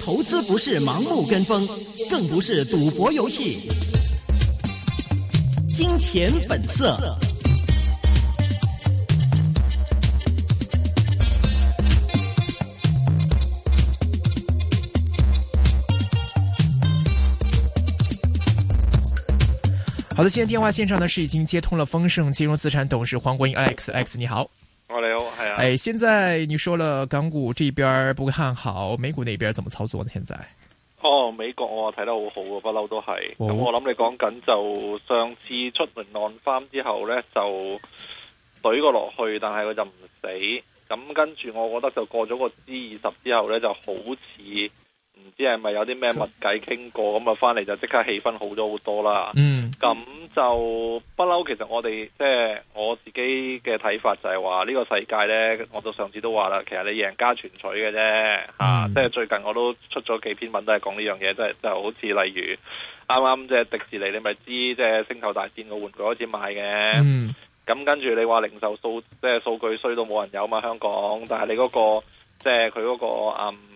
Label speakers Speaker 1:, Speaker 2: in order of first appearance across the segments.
Speaker 1: 投資不是盲目跟
Speaker 2: 風，更不是賭博遊戲。金錢本色。好的，現在電話線上呢是已經接通了豐盛金融資產董事黃國英 X X 你好。我哋好。誒、哎，現在你說了港股這邊不看好，美股那邊怎麼操作呢？現在，
Speaker 1: 哦，美國我睇得好好，不嬲都係。咁、哦、我諗你講緊就上次出完浪翻之後呢，就懟過落去，但係佢就唔死。咁跟住我覺得就過咗個 G 二十之後呢，就好似。唔知係咪有啲咩密計傾過，咁啊翻嚟，就即刻氣氛好咗好多啦。嗯，咁就不嬲。其實我哋即係我自己嘅睇法就係話呢個世界呢，我都上次都話啦，其實你贏家全取嘅啫。吓、嗯，即係、啊即係、最近我都出咗幾篇文都係講呢樣嘢，即係就是就是、好似例如啱啱即係迪士尼，你咪知即係、即係、星球大戰個玩具開始賣嘅。嗯，咁跟住你話零售數即係數據衰到冇人有嘛？香港，但係你嗰、嗰個即係佢嗰個啊。嗯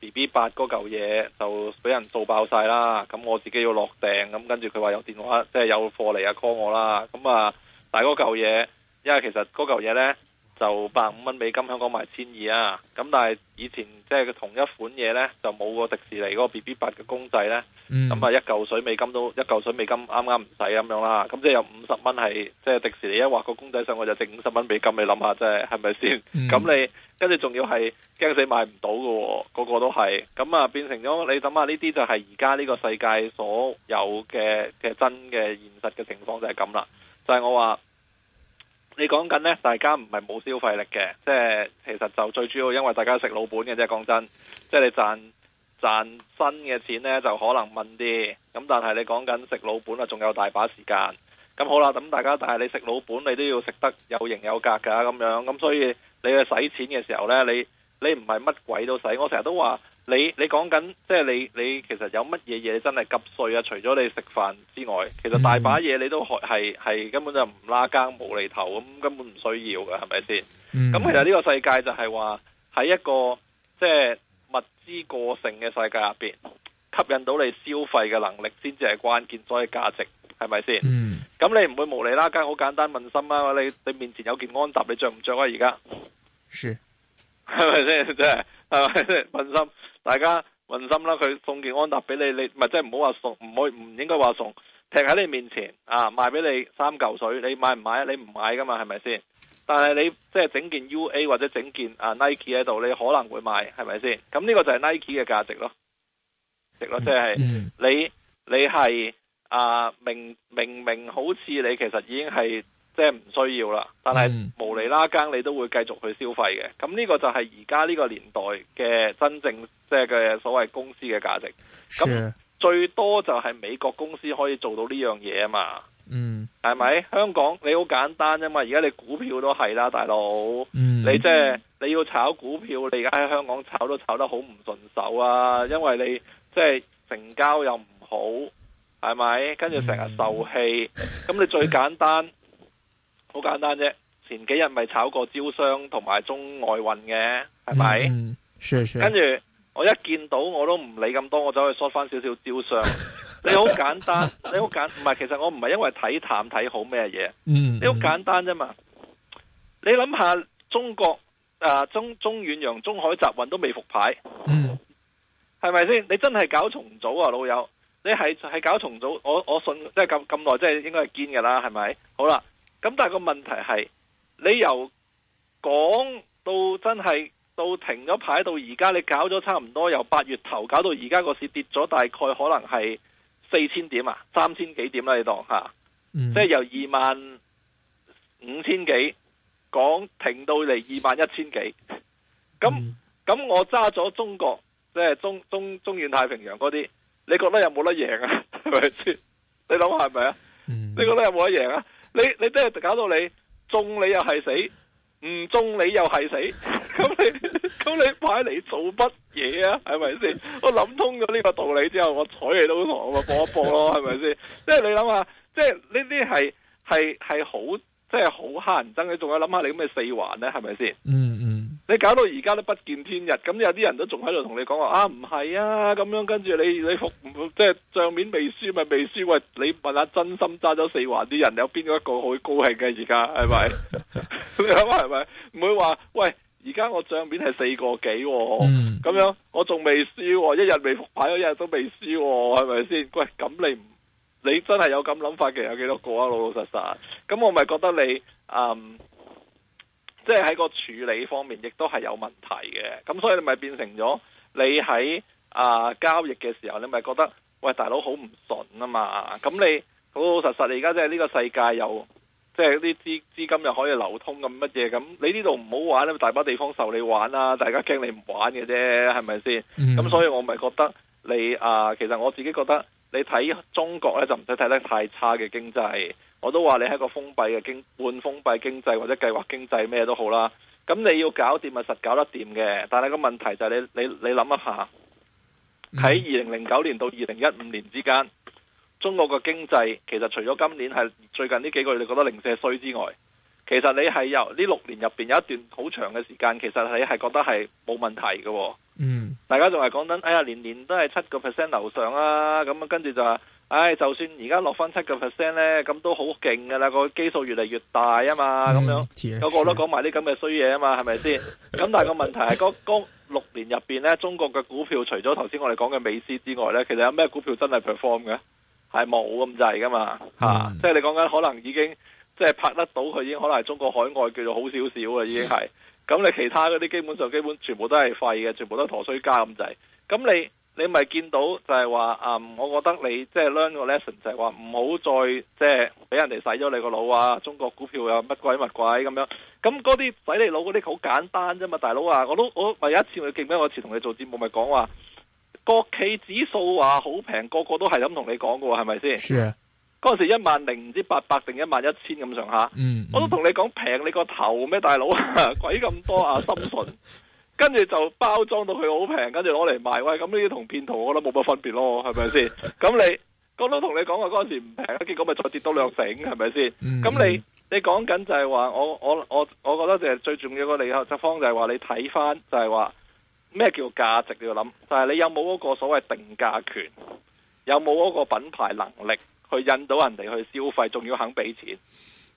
Speaker 1: B B 八嗰嚿嘢就俾人做爆晒啦，咁我自己要落訂，咁跟住佢話有電話，即、就、係、是、有貨嚟啊 call 我啦，咁啊但係嗰嚿嘢，因為其實嗰嚿嘢呢，就百五蚊美金，香港賣千二啊，咁但係以前即係、就是、同一款嘢呢，就冇個迪士尼嗰 B B 八嘅公仔呢。咁啊、嗯、一嚿水美金都一嚿水美金啱啱唔使咁樣啦，咁即係有五十蚊係即係迪士尼一畫個公仔上，我就剩五十蚊美金，你諗下即係係咪先？咁、嗯、你跟住仲要係驚死買唔到嘅，個個都係，咁啊變成咗你諗下呢啲就係而家呢個世界所有嘅嘅真嘅現實嘅情況就係咁啦。就係、是、我話你講緊咧，大家唔係冇消費力嘅，即係其實就最主要因為大家食老本嘅，啫，講真，即係你賺。賺新嘅錢呢，就可能慢啲，咁但係你講緊食老本啊，仲有大把時間。咁好啦，咁大家但係你食老本，你都要食得有型有格㗎咁樣。咁所以你去使錢嘅時候呢，你你唔係乜鬼都使。我成日都話你，你講緊即係你你其實有乜嘢嘢真係急需要？除咗你食飯之外，其實大把嘢你都係係、嗯、根本就唔拉更冇厘頭咁，根本唔需要㗎，係咪先？咁、嗯、其實呢個世界就係話喺一個即係。即係物資過剩嘅世界入邊，吸引到你消費嘅能力先至係關鍵，所以價值，係咪先？咁、嗯、你唔會無理啦，梗係，好簡單，問心啦，你你面前有件安踏，你着唔着啊？而家，是係咪先？真係，係咪先？ 問心，大家問心啦！佢送件安踏俾你，你咪即係唔好話送，唔可以唔應該話送，踢喺你面前啊！賣俾你三嚿水，你買唔買啊？你唔買噶嘛？係咪先？但係你即係、即係、整件 UA 或者整件啊 Nike 喺度，你可能會買，係咪先？咁呢個就係 Nike 嘅價值咯，值咯、嗯，即係你你係啊明明明好似你其實已經係即係唔需要啦，但係、嗯、無厘啦更你都會繼續去消費嘅。咁呢個就係而家呢個年代嘅真正即係嘅所謂公司嘅價值。
Speaker 3: 咁是
Speaker 1: 最多就係美國公司可以做到呢樣嘢啊嘛。嗯，係咪？香港你好簡單啫嘛，而家你股票都係啦，大佬。嗯，你即、就、係、是、你要炒股票，你而家喺香港炒都炒得好唔順手啊，因為你即係、就是、成交又唔好，係咪？跟住成日受氣，咁、嗯、你最簡單，好 簡單啫。前幾日咪炒過招商同埋中外運嘅，
Speaker 2: 係咪？嗯、是是、跟住
Speaker 1: 我一見到我都唔理咁多，我走去 short 翻少少招商。 你好簡單，你好簡唔係，其實我唔係因為睇淡睇好咩嘢，嗯嗯、
Speaker 3: 你好簡
Speaker 1: 單啫嘛。你諗下中國啊，中中遠洋、中海集運都未復牌，係咪先？你真係搞重組啊，老友，你係係搞重組，我我信即係咁咁耐，即、啊、係應該係堅㗎啦，係咪？好啦，咁但係個問題係，你由講到真係到停咗牌到而家，你搞咗差唔多由八月頭搞到而家個市跌咗，大概可能係。四千點啊，三千幾點啦，啊？你當吓，嗯、即係由二萬五千幾講停到嚟，二萬一千幾，咁咁，嗯、我揸咗中國，即係中中中遠太平洋嗰啲，你覺得有冇得贏啊？係咪先？你諗係咪啊？你覺得有冇得贏啊？你你真係搞到你中你又係死，唔中你又係死，咁你咁你擺嚟做乜？ 嘢啊，係咪先？我諗通咗呢個道理之後，我睬你都好同我搏一搏咯，係咪先？即係你諗下，即係呢啲係係係好，即係好乞人憎。你仲有諗下你咁嘅四環咧，係咪
Speaker 3: 先？
Speaker 1: 嗯嗯，你搞到而家都不見天日，咁有啲人都仲喺度同你講話啊，唔係啊，咁樣跟住你你服，即係賬面未輸咪未輸？喂，你問下真心揸咗四環啲人有邊一個好高興嘅？而家係咪？ 你諗下係咪？唔會話喂。而家我賬面係四個幾、喎，咁、嗯、樣我仲未輸，一日未復牌，我一日都未輸、喎，係咪先？喂，咁你唔，你真係有咁諗法嘅有幾多個啊？老老實實，咁我咪覺得你，嗯，即係喺個處理方面亦都係有問題嘅，咁所以你咪變成咗你喺啊、呃、交易嘅時候，你咪覺得喂大佬好唔順啊嘛？咁你老老實實，你而家即係呢個世界有。即係啲資資金又可以流通咁乜嘢咁，你呢度唔好玩咧，大把地方受你玩啦，大家驚你唔玩嘅啫，係咪先？咁、嗯、所以我咪覺得你啊、呃，其實我自己覺得你睇中國咧就唔使睇得太差嘅經濟，我都話你係一個封閉嘅經半封閉經濟或者計劃經濟咩都好啦。咁你要搞掂咪實搞得掂嘅，但係個問題就係你你你諗一下，喺二零零九年到二零一五年之間。中國嘅經濟其實除咗今年係最近呢幾個月你覺得零舍衰之外，其實你係由呢六年入邊有一段好長嘅時間，其實你係覺得係冇問題嘅、哦。嗯，大家仲係講緊，哎呀，年年都係七個 percent 樓上啊，咁啊跟住就話，唉、哎，就算而家落翻七個 percent 咧，咁都好勁噶啦，個基數越嚟越大啊嘛，咁、嗯、樣嗰、啊、個都講埋啲咁嘅衰嘢啊嘛，係咪先？咁 但係個問題係，嗰六年入邊咧，中國嘅股票除咗頭先我哋講嘅美資之外咧，其實有咩股票真係 perform 嘅？係冇咁滯㗎嘛，嚇、mm. 啊！即、就、係、是、你講緊可能已經即係、就是、拍得到佢已經可能係中國海外叫做好少少啦，已經係。咁、mm. 你其他嗰啲基本上基本上全部都係廢嘅，全部都陀衰家咁滯、就是。咁你你咪見到就係話啊，我覺得你即係 learn 個 lesson 就係話唔好再即係俾人哋洗咗你個腦啊！中國股票又乜鬼乜鬼咁樣。咁嗰啲洗你腦嗰啲好簡單啫嘛，大佬啊！我都我咪有一次我記唔記得我一次同你做節目咪講話。國企指數話好平，個個都係咁同你講嘅，係咪先？嗰陣 Sure. 時一萬零唔知八百定一萬一千咁上下。嗯，我都同你講平，你個頭咩大佬？鬼咁多啊，心純，跟住就包裝到佢好平，跟住攞嚟賣。喂，咁呢啲同騙徒我覺得冇乜分別咯，係咪先？咁你嗰度同你講話嗰陣時唔平，結果咪再跌多兩成，係咪先？咁、mm hmm. 你你講緊就係、是、話，我我我我，我覺得誒，最重要個利害側方就係、是、話，你睇翻就係、是、話。咩叫價值你要諗？就係你有冇嗰個所謂定價權，有冇嗰個品牌能力去引到人哋去消費，仲要肯俾錢？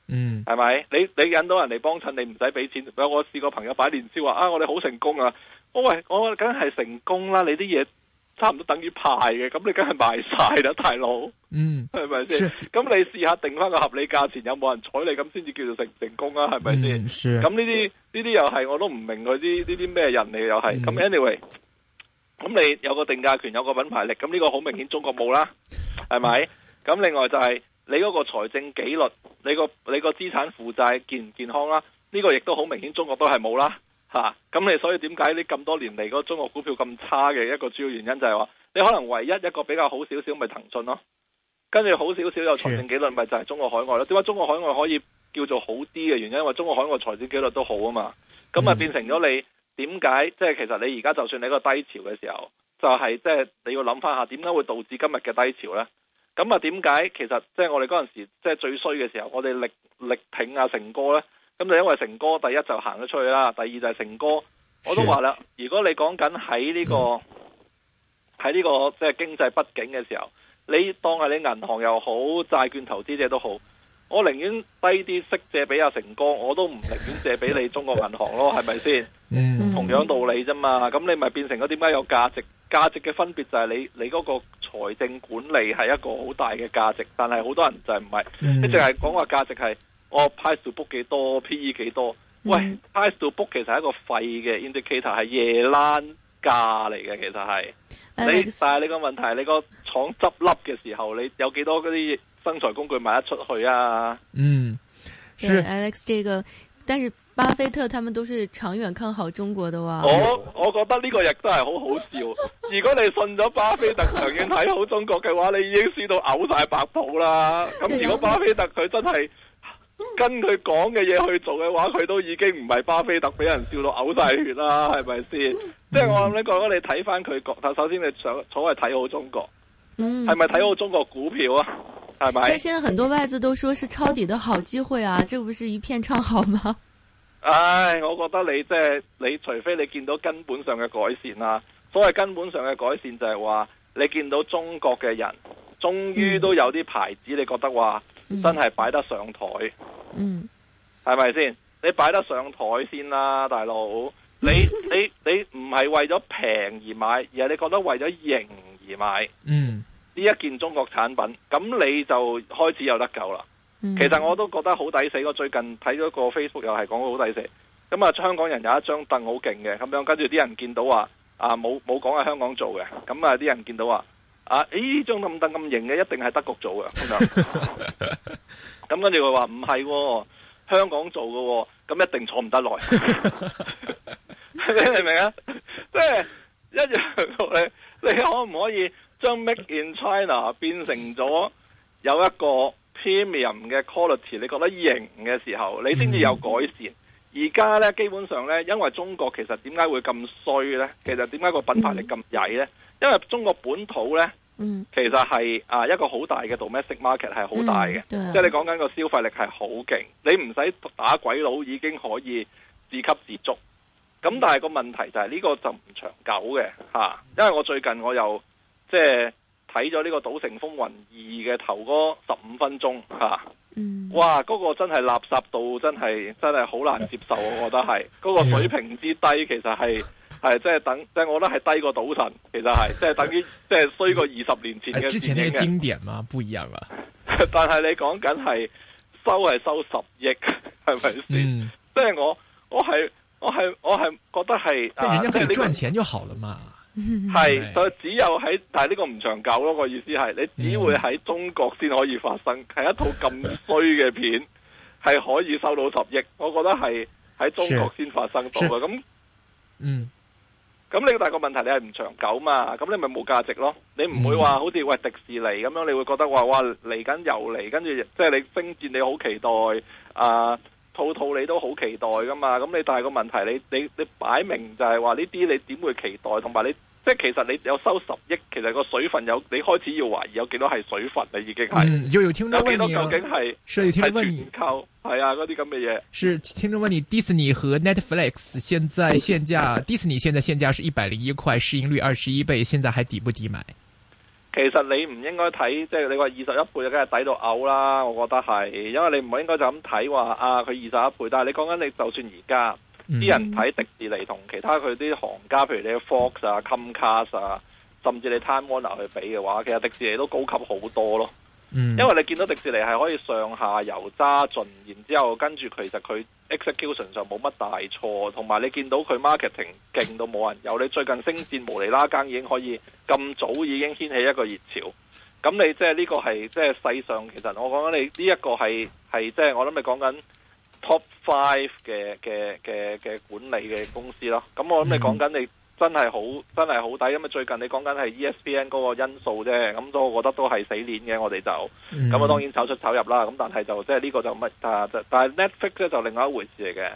Speaker 1: 嗯，係咪？你你引到人哋幫襯，你唔使俾錢。我我試過朋友擺年宵話啊，我哋好成功啊！喂，我梗係成功啦！你啲嘢差唔多等於派嘅，咁你梗係賣晒啦，大佬。嗯，係咪先？咁、嗯、你試下定翻個合理價錢，有冇人睬你？咁先至叫做成成功啊？係咪先？咁呢啲呢啲又係我都唔明佢啲呢啲咩人嚟？又係咁。Anyway，咁你有個定價權，有個品牌力，咁呢個好明顯中國冇啦，係咪？咁、嗯、另外就係、是、你嗰個財政紀律，你個你個資產負債健唔健康啦、啊？呢、這個亦都好明顯中國都係冇啦，吓、啊。咁你所以點解你咁多年嚟嗰個中國股票咁差嘅一個主要原因就係話，你可能唯一一個比較好少少咪騰訊咯。跟住好少少有財政紀律，咪就係中國海外咯？點解中國海外可以叫做好啲嘅原因，因為中國海外財政紀律都好啊嘛？咁啊變成咗你點解？即係、就是、其實你而家就算你一個低潮嘅時候，就係即係你要諗翻下點解會導致今日嘅低潮呢？咁啊點解其實即係我哋嗰陣時即係、就是、最衰嘅時候，我哋力力挺啊成哥呢。咁就因為成哥第一就行咗出去啦，第二就係成哥，我都話啦，如果你講緊喺呢個喺呢個即係經濟不景嘅時候。你當係你銀行又好，債券投資者都好，我寧願低啲息借俾阿成哥，我都唔寧願借俾你中國銀行咯，係咪先？嗯， 同樣道理啫嘛。咁你咪變成咗點解有價值？價值嘅分別就係你你嗰個財政管理係一個好大嘅價值，但係好多人就係唔係， 你淨係講話價值係哦，price to book 幾多，P E 幾多？ 喂，price to book 其實係一個廢嘅 indicator，係夜籃價嚟嘅，其實係。你但係你個問題，你、那個。廠執笠嘅時候，你有幾多嗰啲生財工具賣得出去啊？
Speaker 2: 嗯，對 Alex，呢個，但是 巴菲特他們都是長遠看好中國的哇。我
Speaker 1: 我覺得呢個亦都係好好笑。如果你信咗巴菲特長遠睇好中國嘅話，你已經輸到嘔晒白肚啦。咁如果巴菲特佢真係跟佢講嘅嘢去做嘅話，佢都已經唔係巴菲特俾人笑到嘔晒血啦，係咪先？即係、 嗯、我諗你覺得你睇翻佢講，首先你想，所謂睇好中國。嗯，係咪睇好中國股票啊？係咪？即係現
Speaker 2: 在很多外資都說是抄底的好機會啊！這不是一片唱好嗎？
Speaker 1: 唉、哎，我覺得你即係、就是、你除非你見到根本上嘅改善啦、啊。所謂根本上嘅改善就係話你見到中國嘅人終於都有啲牌子，你覺得話、嗯、真係擺得上台。嗯，係咪先？你擺得上台先啦，大佬。你 你你唔係為咗平而買，而係你覺得為咗贏。而買，
Speaker 3: 嗯，
Speaker 1: 呢一件中國產品，咁你就開始有得救啦。嗯、其實我都覺得好抵死，我最近睇咗個 Facebook 又係講好抵死。咁、嗯、啊，香港人有一張凳好勁嘅，咁樣跟住啲人見到話，啊冇冇講係香港做嘅，咁啊啲人見到話，啊咦，呢張咁凳咁型嘅一定係德國做嘅，咁跟住佢話唔係香港做嘅、哦，咁一定坐唔得耐。你明唔明啊？即係。一樣嘅， 你可唔可以將 Make in China 變成咗有一個 premium 嘅 quality？你覺得型嘅時候，你先至有改善。而家、嗯、呢，基本上呢，因為中國其實點解會咁衰呢？其實點解個品牌力咁曳呢？嗯、因為中國本土呢，嗯、其實係啊一個好大嘅 domestic market 係好大嘅，即係你講緊個消費力係好勁，你唔使打鬼佬已經可以自給自足。咁、嗯、但係個問題就係、是、呢、這個就唔長久嘅吓、啊，因為我最近我又即係睇咗呢個《賭城風雲二》嘅頭嗰十五分鐘吓，啊嗯、哇嗰、那個真係垃圾到真係真係好難接受，我覺得係嗰、那個水平之低，其實係係即係等即係、就是、我覺得係低過賭神，其實係即係等於即係、嗯、衰過二十年前嘅經典嘅。經
Speaker 2: 典嗎？不一樣啊！
Speaker 1: 但係你講緊係收係收十億，係咪先？即係、嗯、我我係。我係我係覺得係，但係人家、啊這個賺
Speaker 2: 錢就好了嘛。係是，就
Speaker 1: 對只有喺但係呢個唔長久咯。我意思係，你只會喺中國先可以發生，係、嗯、一套咁衰嘅片，係可以收到十億。 我覺得係喺中國先發生到嘅。咁，嗯，咁你大個問題你係唔長久嘛？咁你咪冇價值咯。你唔會話好似喂迪士尼咁樣，你會覺得話哇嚟緊又嚟，跟住即係你星戰你好期待啊。呃呃套套你都好期待噶嘛，咁你但係個問題你，你你你擺明就係話呢啲你點會期待，同埋你即係其實你有收十億，其實個水分有，你開始要懷疑有幾多係水分你已經係、嗯、有，有幾多究竟係係團購係啊嗰啲咁嘅嘢。
Speaker 2: 是、啊、是聽眾問你，Disney 和 Netflix 現在現價，Disney 現在現價是一百零一塊，市盈率二十一倍，現在還抵不抵買？
Speaker 1: 其實你唔應該睇，即係你話二十一倍就梗係抵到嘔啦！我覺得係，因為你唔應該就咁睇話啊，佢二十一倍。但係你講緊你就算而家啲人睇迪士尼同其他佢啲行家，譬如你嘅 Fox 啊、Comcast 啊，甚至你 Time Warner 去比嘅話，其實迪士尼都高級好多咯。因為你見到迪士尼係可以上下游揸盡，然之後跟住其實佢 execution 上冇乜大錯，同埋你見到佢 marketing 勁到冇人有，你最近星戰無厘拉更已經可以咁早已經掀起一個熱潮，咁你、這個、即係呢個係即係世上其實我講緊你呢一、這個係係即係我諗你講緊 top five 嘅嘅嘅嘅管理嘅公司咯，咁我諗你講緊你。真係好真係好抵，因為最近你講緊係 ESPN 嗰個因素啫，咁都我覺得都係死鏈嘅，我哋就咁啊、嗯、當然炒出炒入啦，咁但係就即係呢個就乜、啊、但係 Netflix 咧就另外一回事嚟嘅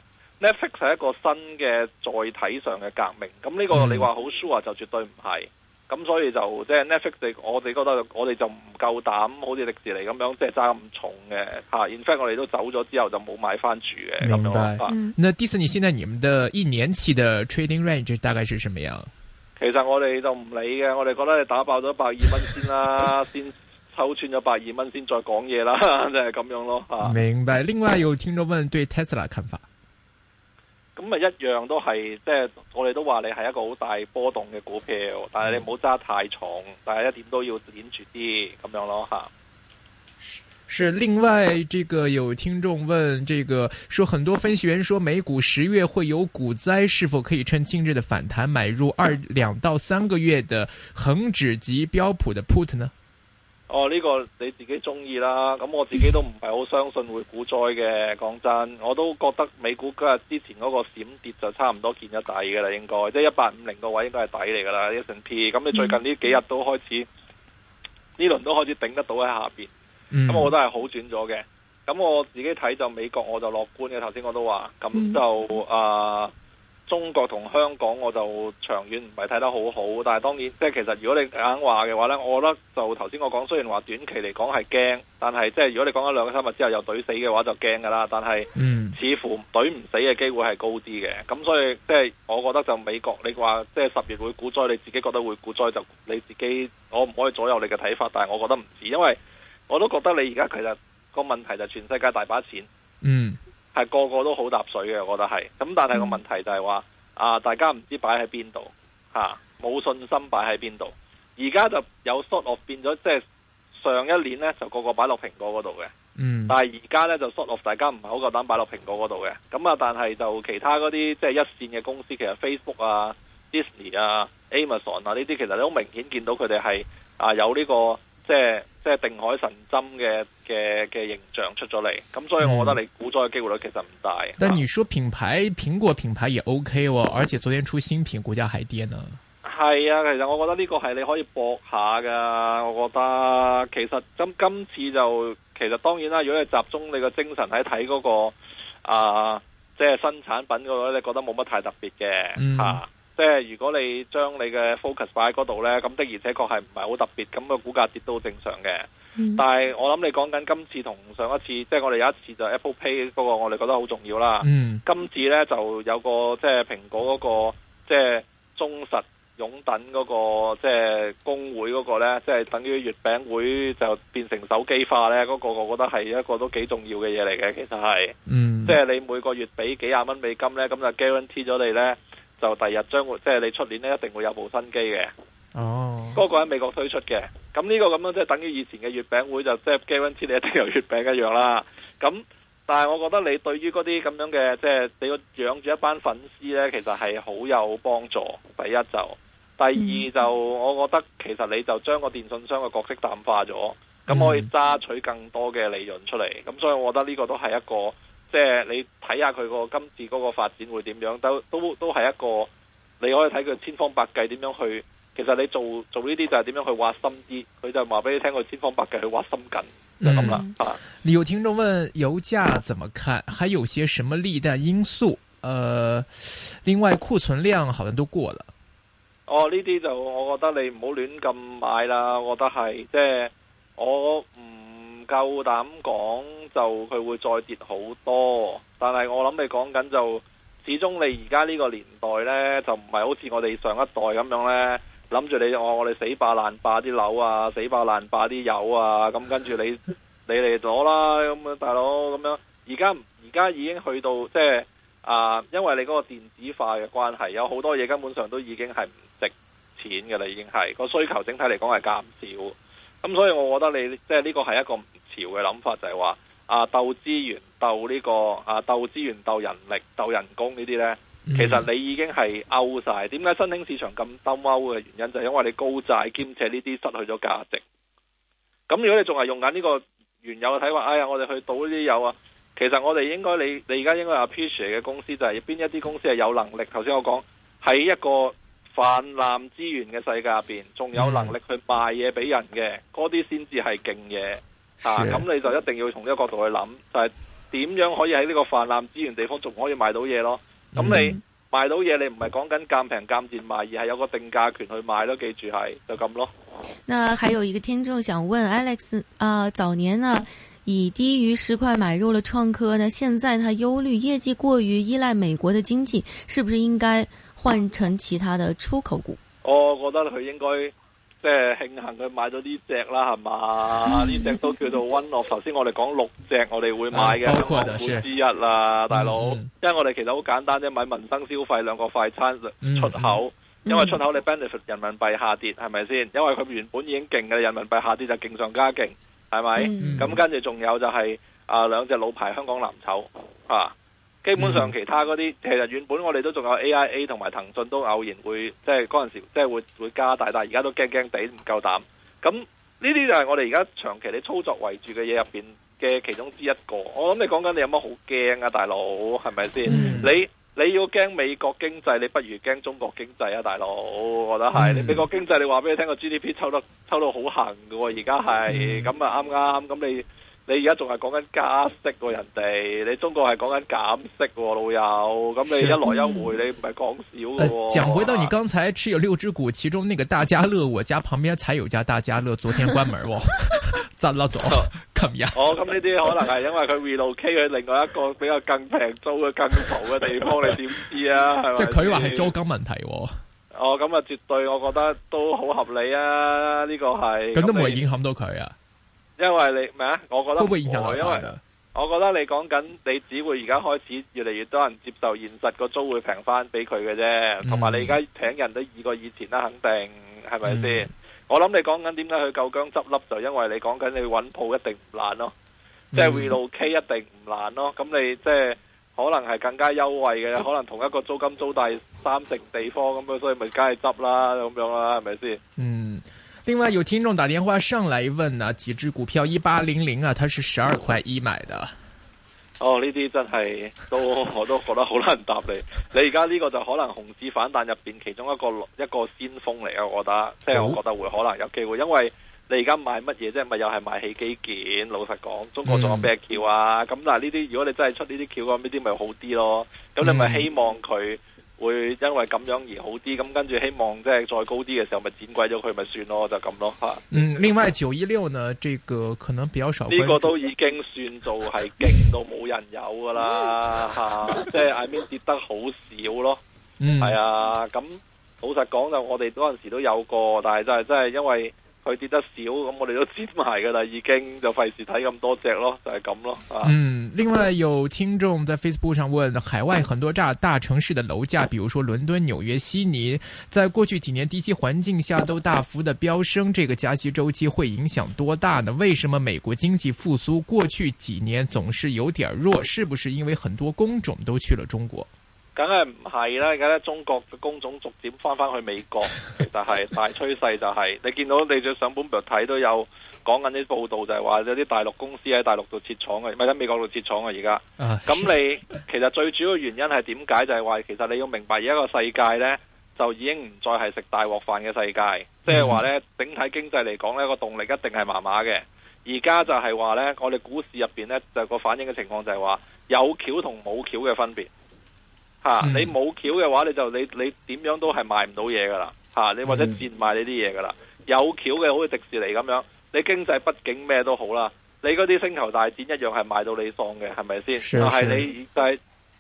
Speaker 1: ，Netflix 係一個新嘅載體上嘅革命，咁呢個你話好 sure 就絕對唔係。咁、嗯、所以就即係、就是、Netflix，我哋覺得我哋就唔夠膽，好似迪士尼咁樣，即係揸咁重嘅吓、啊。In fact，我哋都走咗之後就冇買翻住嘅。明白。
Speaker 2: 那 Disney，現在你們的一年期的 trading range 大概是什麼樣？嗯、
Speaker 1: 其實我哋就唔理嘅，我哋覺得你打爆咗百二蚊先啦， 先抽穿咗百二蚊先再講嘢啦，即係咁樣咯吓。
Speaker 2: 啊、明白。另外有聽眾問對 Tesla 嘅看法。
Speaker 1: 咁咪一樣都係，即係我哋都話你係一個好大波動嘅股票，但係你唔好揸太重，但係一點都要點住啲咁樣咯吓。
Speaker 2: 是另外，這個有聽眾問，這個說很多分析員說美股十月會有股災，是否可以趁近日的反彈買入二兩到三個月的恒指及標普的 put 呢？
Speaker 1: 哦，呢個你自己中意啦，咁我自己都唔係好相信會股災嘅。講真，我都覺得美股今日之前嗰個閃跌就差唔多見咗底嘅啦，應該即係一八五零個位應該係底嚟噶啦，S&P，咁你最近呢幾日都開始呢輪都開始頂得到喺下邊，咁我都係好轉咗嘅。咁我自己睇就美國我就樂觀嘅，頭先我都話，咁就啊。呃中國同香港我就長遠唔係睇得好好，但係當然即係其實如果你硬話嘅話呢，我覺得就頭先我講，雖然話短期嚟講係驚，但係即係如果你講咗兩個三日之後又懟死嘅話就驚㗎喇，但係似乎懟唔死嘅機會係高啲嘅，咁所以即係我覺得就美國你話即係十月會股災，你自己覺得會股災就你自己，我唔可以左右你嘅睇法，但係我覺得唔止，因為我都覺得你而家其實個問題就全世界大把錢。嗯。係個個都好搭水嘅，我覺得係。咁但係個問題就係話，啊大家唔知擺喺邊度，吓、啊、冇信心擺喺邊度。而家就有 sort of，變咗即係上一年咧就個個擺落蘋果嗰度嘅。嗯。但係而家咧就 sort of，大家唔係好夠膽擺落蘋果嗰度嘅。咁啊，但係就其他嗰啲即係一線嘅公司，其實 Facebook 啊、Disney 啊、Amazon 啊呢啲，其實都明顯見到佢哋係啊有呢、這個即係。就是即係定海神針嘅嘅嘅形象出咗嚟，咁所以我覺得你股災嘅機會率其實唔大。但
Speaker 2: 係你說品牌，蘋果品牌也 OK 喎。哦，而且昨天出新品，股價還跌呢。
Speaker 1: 係啊、嗯，其實我覺得呢個係你可以搏下噶。我覺得其實今今次就其實當然啦，如果你集中你個精神喺睇嗰個啊，即係新產品嘅話，你覺得冇乜太特別嘅
Speaker 3: 吓。
Speaker 1: 即係如果你將你嘅 focus 擺喺嗰度呢，咁的而且確係唔係好特別，咁個股價跌都正常嘅。嗯、但係我諗你講緊今次同上一次，即係我哋有一次就 Apple Pay 嗰個，我哋覺得好重要啦。嗯、今次呢就有個即係蘋果嗰個即係忠實擁躉嗰個即係工會嗰個呢，即係等於月餅會就變成手機化呢。嗰個我覺得係一個都幾重要嘅嘢嚟嘅。其實係，嗯、即係你每個月俾幾廿蚊美金呢，咁就 guarantee 咗你呢。就第日將會，即係你出年咧一定會有部新機嘅。哦，嗰個喺美國推出嘅。咁呢個咁樣即係等於以前嘅月餅會，就即係 guarantee 你一定有月餅一樣啦。咁，但係我覺得你對於嗰啲咁樣嘅，即係你養住一班粉絲呢，其實係好有幫助。第一就，第二就，我覺得其實你就將個電信商嘅角色淡化咗，咁可以榨取更多嘅利潤出嚟。咁所以我覺得呢個都係一個。即係你睇下佢個今次嗰個發展會點樣，都都都係一個你可以睇佢千方百計點樣去。其實你做做呢啲就係點樣去挖深啲，佢就話俾你聽佢千方百計去挖深緊就咁啦，
Speaker 2: 吓。你有聽眾問油價怎麼看，還有些什麼利淡因素？誒、呃，另外庫存量好像都過
Speaker 1: 了。哦，呢啲就我覺得你唔好亂咁買啦，我覺得係即係我唔。嗯夠膽講就佢會再跌好多，但係我諗你講緊就始終你而家呢個年代呢，就唔係好似我哋上一代咁樣呢。諗住你、哦、我我哋死霸爛霸啲樓啊，死霸爛霸啲油啊，咁跟住你你嚟咗啦咁啊大佬咁樣。而家而家已經去到即係、啊、因為你嗰個電子化嘅關係，有好多嘢根本上都已經係唔值錢㗎喇，已經係個需求整體嚟講係減少。咁所以我覺得你即係呢個係一個。條嘅諗法就係話啊，鬥資源，鬥呢，這個啊，鬥資源，鬥人力，鬥人工呢啲呢，mm hmm. 其實你已經係 out 晒。點解新興市場咁兜踎嘅原因，就係、是、因為你高債兼且呢啲失去咗價值。咁如果你仲係用緊呢個原有嘅睇法，哎呀，我哋去賭呢啲有啊。其實我哋應該，你你而家應該 appreciate 嘅公司就係、是、邊一啲公司係有能力。頭先我講喺一個泛濫資源嘅世界入邊，仲有能力去賣嘢畀人嘅，嗰啲先至係勁嘢。Hmm. 是啊！咁你就一定要從呢個角度去諗，就係、是、點樣可以喺呢個泛濫資源地方仲可以賣到嘢咯。咁你賣到嘢，你唔係講緊賤平賤賤賣，而係有個定價權去賣咯。記住係就咁咯。
Speaker 2: 那還有一個聽眾想問 Alex，啊、呃，早年呢以低於十塊買入了創科呢，那現在他憂慮業績過於依賴美國的經濟，是不是應該換成其他的出口股？
Speaker 1: 我覺得佢應該。即係慶幸佢買咗呢隻啦，係嘛？呢隻、嗯、都叫做溫樂。頭先我哋講六隻，我哋會買嘅，香港股之一啦，大佬哥。嗯、因為我哋其實好簡單，啫，係買民生消費，兩個快餐出口。嗯嗯、因為出口你 benefit 人民幣下跌係咪先？因為佢原本已經勁嘅，人民幣下跌就勁上加勁，係咪？咁、嗯、跟住仲有就係、是、啊，兩隻老牌香港藍籌啊。基本上其他嗰啲，其實原本我哋都仲有 AIA 同埋騰訊都偶然會，即係嗰陣時，即係會會加大，但係而家都驚驚地唔夠膽。咁呢啲就係我哋而家長期你操作圍住嘅嘢入邊嘅其中之一個。我諗你講緊你有乜好驚啊，大佬係咪先？你你要驚美國經濟，你不如驚中國經濟啊，大佬，我覺得係。嗯、你美國經濟你話俾你聽個 GDP 抽得抽到好行㗎喎，而家係咁啊，啱啱咁你。你而家仲係講緊加息喎、哦，人哋你中國係講緊減息喎、哦，老友咁你一來一回，你唔係、哦呃、講少嘅。講回到
Speaker 2: 你剛才持有六支股，其中那個大家樂，我家旁邊才有一家大家樂，昨天關門喎、哦。 執笠咗。
Speaker 1: 琴日？樣。哦，咁呢啲可能係因為佢 relocate 去另外一個比較更平租嘅更嘈嘅地方，你點知啊？即係佢話係租
Speaker 2: 金問題。哦，咁
Speaker 1: 啊、哦嗯嗯，絕對我覺得都好合理啊，呢、這個係。咁都冇影
Speaker 2: 響到佢啊。
Speaker 1: 因為你咩啊？我覺得 因為我覺得你講緊你只會而家開始越嚟越多人接受現實個租會平翻俾佢嘅啫，同埋、嗯、你而家請人都易過以前啦，肯定係咪先？是是嗯、我諗你講緊點解去舊疆執笠就因為你講緊你揾鋪一定唔難咯，即係 relocate 一定唔難咯。咁你即係、就是、可能係更加優惠嘅， 可能同一個租金租大三成地方咁樣，所以咪梗係執啦咁樣啦，係咪先？
Speaker 2: 嗯。另外有聽眾打電話上嚟問呢、啊，幾支股票一八零零啊，它是十二塊一買的。
Speaker 1: 哦，呢啲真係都我都覺得好難答你。你而家呢個就可能紅字反彈入邊其中一個一個先鋒嚟啊，我覺得，即係我覺得會可能有機會，因為你而家買乜嘢即係，咪又係買起基建。老實講，中國仲有咩橋啊？咁嗱、嗯，呢啲如果你真係出呢啲橋啊，呢啲咪好啲咯。咁你咪希望佢。會因為咁樣而好啲，咁跟住希望即係再高啲嘅時候咪撿貴咗佢咪算咯，就咁咯吓。
Speaker 2: 啊、嗯，另外九一六呢，這個可能比較少。呢個都
Speaker 1: 已經算做係勁到冇人有噶啦吓，即係 I mean, 跌得好少咯。嗯，係啊，咁老實講就我哋嗰陣時都有過，但係就係真係因為。佢跌得少，咁我哋都接埋噶啦，已經就費事睇咁多隻
Speaker 2: 咯，就係咁咯。嗯，另外有聽眾在 Facebook 上問：海外很多扎大城市的樓價，比如說倫敦、紐約、悉尼，在過去幾年低息環境下都大幅的飆升，這個加息周期會影響多大呢？為什麼美國經濟復甦過去幾年總是有點弱？是不是因為很多工種都去了中國？
Speaker 1: 梗係唔係啦？而家咧，中國嘅工種逐漸翻翻去美國，其實係大趨勢就係、是、你見到你上本表睇都有講緊啲報道就，就係話有啲大陸公司喺大陸度設廠嘅，唔係喺美國度設廠嘅而家。咁 你其實最主要原因係點解？就係、是、話其實你要明白，而家個世界呢，就已經唔再係食大鑊飯嘅世界，即係話呢，整體經濟嚟講呢、個動力一定係麻麻嘅。而家就係話呢，我哋股市入邊呢，就個反應嘅情況就係話有橋同冇橋嘅分別。吓、啊、你冇橋嘅話，你就你你點樣都係賣唔到嘢噶啦吓你或者賤賣呢啲嘢噶啦有橋嘅，好似迪士尼咁樣，你經濟畢竟咩都好啦，你嗰啲星球大戰一樣係賣到你喪嘅，係咪先？就係你，就係、是、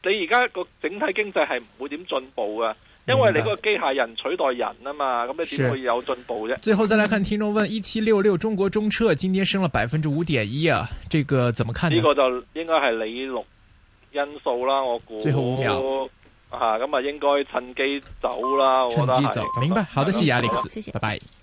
Speaker 1: 你而家個整體經濟係唔會點進步嘅，因為你嗰個機械人取代人啊嘛，咁你點會有進步啫？最後再嚟
Speaker 2: 看聽眾問：一七六六中國中車今天升了百分之五點一啊，這個怎麼看呢？呢個
Speaker 1: 就應該係你六。龍。因素啦，我估吓咁，啊應該趁機走啦，走我知得走明
Speaker 2: 白，嗯、好多謝亞力，謝吧拜拜。